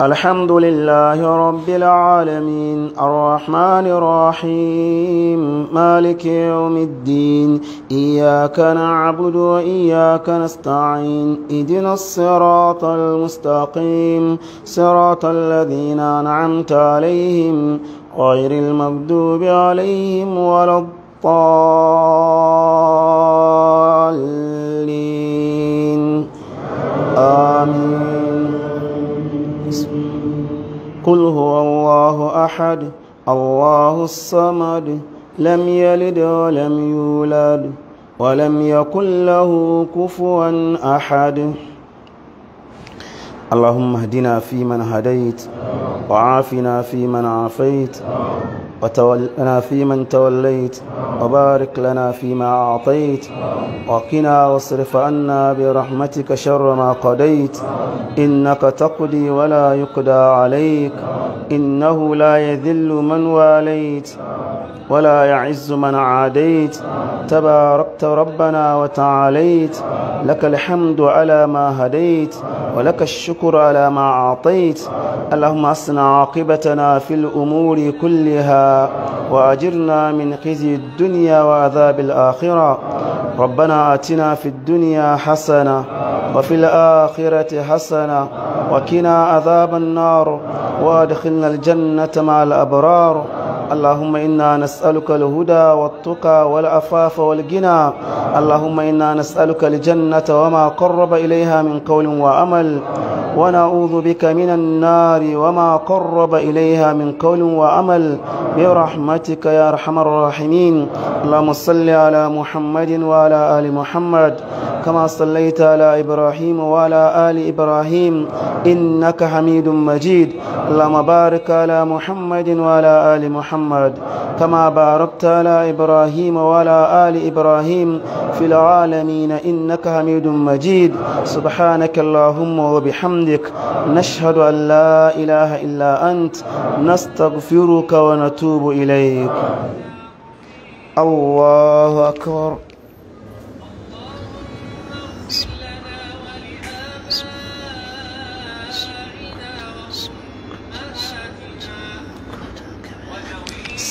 الحمد لله رب العالمين الرحمن الرحيم مالك يوم الدين إياك نعبد وإياك نستعين إدنا الصراط المستقيم صراط الذين أنعمت عليهم غير المغضوب عليهم ولا الضالين قل هو الله أحد الله الصمد لم يلد ولم يولد ولم يكن له كفوا أحد اللهم اهدنا فيمن هديت وعافنا فيمن عافيت وتولنا فيمن توليت وبارك لنا فيما أعطيت وقنا واصرف عنا برحمتك شر ما قضيت إنك تقضي ولا يقضى عليك إنه لا يذل من واليت ولا يعز من عاديت تباركت ربنا وتعاليت لك الحمد على ما هديت ولك الشكر على ما أعطيت اللهم أصنع عاقبتنا في الأمور كلها وأجرنا من خزي الدنيا وعذاب الآخرة ربنا آتنا في الدنيا حسنة وفي الآخرة حسنة وكنا عذاب النار وادخلنا الجنة مع الأبرار اللهم إنا نسألك الهدى والتقى والعفاف والغنى اللهم إنا نسألك الجنة وما قرب إليها من قول وأمل ونعوذ بك من النار وما قرب إليها من قول وعمل برحمتك يا أرحم الراحمين اللهم صل على محمد وعلى آل محمد كما صليت على إبراهيم وعلى آل إبراهيم إنك حميد مجيد اللهم بارك على محمد وعلى آل محمد كما باركت على إبراهيم وعلى آل إبراهيم في العالمين إنك حميد مجيد سبحانك اللهم وبحمدك نشهد أن لا إله إلا أنت نستغفرك ونتوب إليك الله أكبر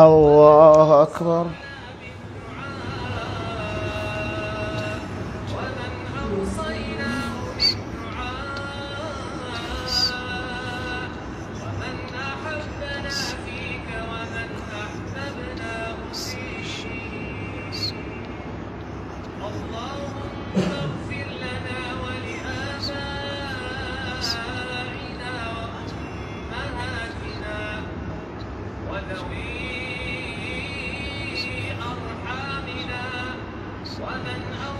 الله أكبر ومن أوصينا